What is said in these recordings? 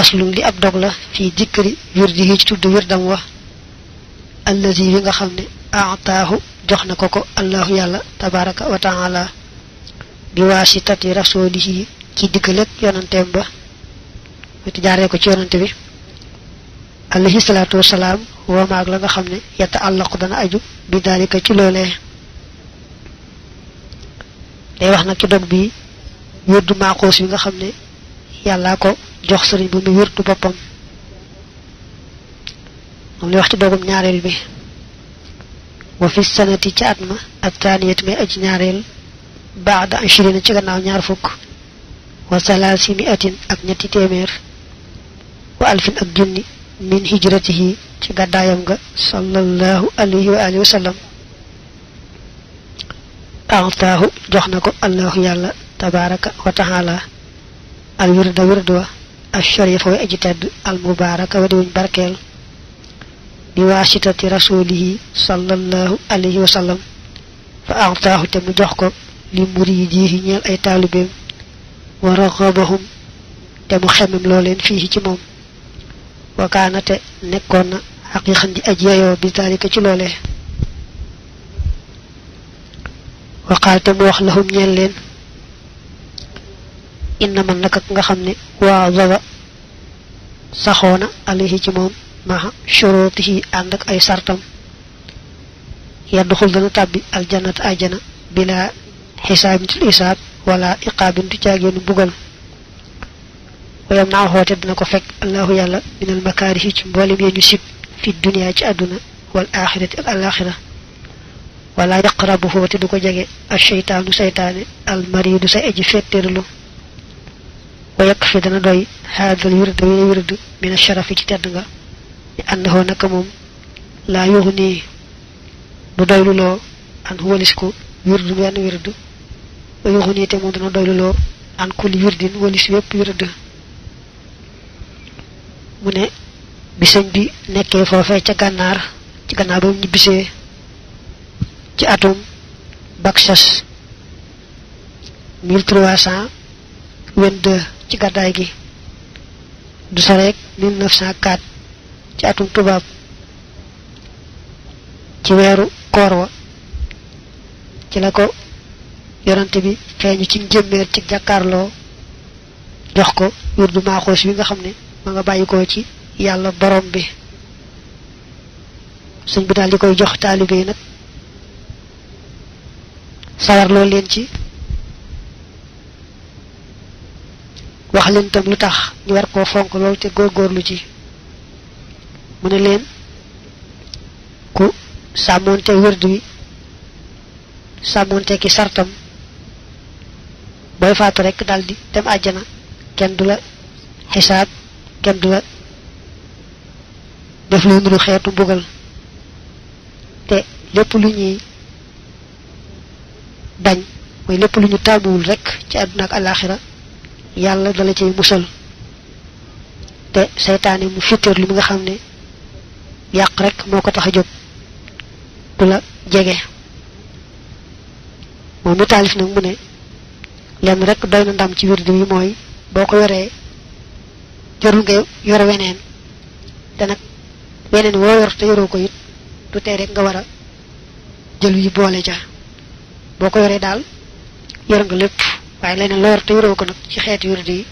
faslum li ab dog la fii dikkri wirdihi ci tudd wirdam wa allazi wi nga xam ne aataahu jox na ko ko allahu yàlla tabaraka wa taala bi waasitati rasulihi ci diggaleg yonanteem ba weti jaaree ko ci yonante bi alayhi salaatu wasalaam woo maag la nga xam ne yata àllaqu dana aju bi daalika ci day wax nag ci dog bi wirdu maaxoos bi nga xam ne yàllaa ko jox sëriñ bu mu wérdu boppam moom lay wax ci doogum ñaareel bi wa fi sanati ca at ma ak taaniyat may aji ñaareel baada ashirina ci gannaaw ñaar fukk wa salaasi mi atin ak ñetti téeméer wa alfin ak junni min hijratihi ci gàddaayam nga sallallahu alayhi wa alihi wa jox na ko allahu yàlla tabaraka wa taala al wirda wirdu asharifa way aji tedd almubaraka wadi wuñ barkeel bi waasitati rasulihi sallallahu alayhi wa fa aataahu te mu jox ko li muridihi ñeel ay taalibeem wa raxabahum te mu xemem loo leen ci moom wakaana te nekkoon na xaqiqan di aj yeyoo bi daalika ci loolee waqaal te mu wax lahum ñeel leen inna man naka nga xam ne waa zaba saxoona alayhi ci moom maha shurutihi ànd ak ay sartam yadduxul dana tàbbi aljanata ajjana bila xisaabintul isaab wala iqaabintu caageenu bugal wayam naaw xoote dina ko fekk allahu yàlla minal makaarihi ci mboolem yee sib fi duniyaa ci àdduna wal axirati ak alaxira wala yaqrabuhu te du ko jege al cheytaanu seytaane al mariidu say aji fettéerlu wa yakk fi dana doy haadal wirda wi ne wird min asharafi ci tedd nga ni àndahoo naka moom laa yuxu nii du doyluloo an walis ko wirdu benn wird wa yuxu an kulli wirdin walis wépp mu ne bi bi nekkee foofee ca gànnaar ci gànnaar boobu ñibbisee ci atum baksas ci gàddaay gi du sareeg 1904 ci atum tubaab ci weeru koor wa ci la ko yonante bi feeñu ci njëmmeer ci jàkkaarloo jox ko wirdu maaxoos bi nga xam ne ma nga bàyyi ko ci yàlla borom bi sëñ bi daal di koy jox taalibe yi nag sawar leen ci wax leen itam lu tax ñu war koo fonk loolu te góorgóorlu ci mu ne leen ku sàmmoonte wërdu wi sàmmoonte ki sartam booy faatu rekk daldi dem àjjana kenn du la xisaab kenn du la def lu nuru xeetu mbugal te lépp lu ñuy bañ mooy lépp lu ñu taamuwul rekk ci àdduna ak alaaxira yàlla dala ci musal te seytaane mu fittéer li mu nga xam ne yàq rek moo ko tax a jóg du la jege moom mi taalif nag mu ne lenn rekk doy na ndam ci wirdu yi mooy boo ko yoree jarul nga yore weneen te nag weneen woo yor te yoroo ko it du tey rekk nga war a jël yi boole ja boo ko yoree daal yor nga lépp waaye leneen loo yor te yoroo ko nag ci xeet yor di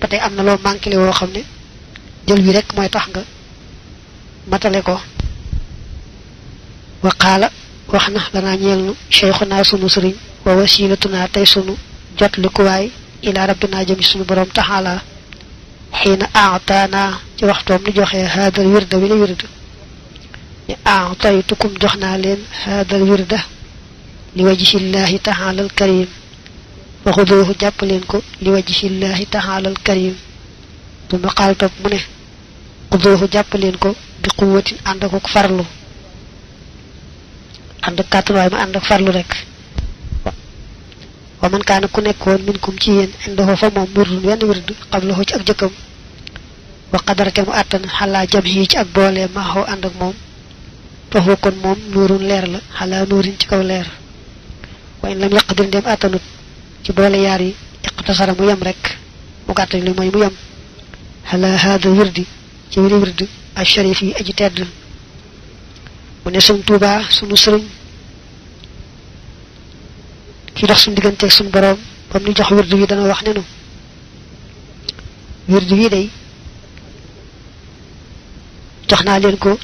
ba tey am na loo manqué le woo xam ne jël wi rek mooy tax nga matale ko wa qaala wax na lanaa ñeel nu cheikhunaa sunu sëriñ wa wasilatunaa tey sunu jot li kuwaay ilaa rabbinaa jëm ci sunu borom taxaala xiina aataana ci waxtoom li joxe haadal wirda wi la wird ne aataytukum jox naa leen haadal wirda li wajhi llaahi taxaala al karim faxuduuhu jàpp leen ko li wajhillaahi taala al karim bu ma xaal topp mu ne xuduuhu jàpp leen ko bi quwwatin ànd ak farlu ànd ak kàttan waaye ma ànd farlu rek wa man ku nekk woon min kum ci yéen indahu fa moom wirdun wenn wird qablahu ci ak jëkkam wa qadarate mu àttan xalaa jam yi ci ak boole ma xaw ànd ak moom faxu kon moom nuurun leer la xalaa nuurin ci kaw leer wa in lam yaqdir ndem àttanut ci boole yaar yi iqtasara mu yem rek mu gàttal li mooy mu yem ala hada wirdi ci wiri wirdi ak sharif yi aji tedd mu ne suñ tuubaa suñu sëriñ ki dox suñ digganteeg suñ boroom bam nu jox wirdi wi dana wax ne nu wirdi wi day jox naa leen ko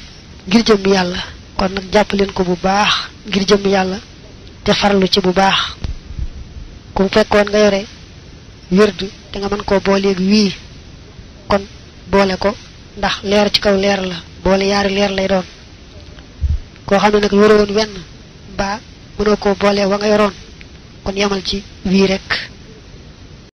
ngir jëmm yàlla kon nag jàpp leen ko bu baax ngir jëmm yàlla te farlu ci bu baax bu fekkoon nga yore wird te nga mën koo booleek wii kon boole ko ndax leer ci kaw leer la boole yaari leer lay doon koo xam ne nag yore woon wenn mbaa mënoo koo boolee wa nga yoroon kon yemal ci wii rekk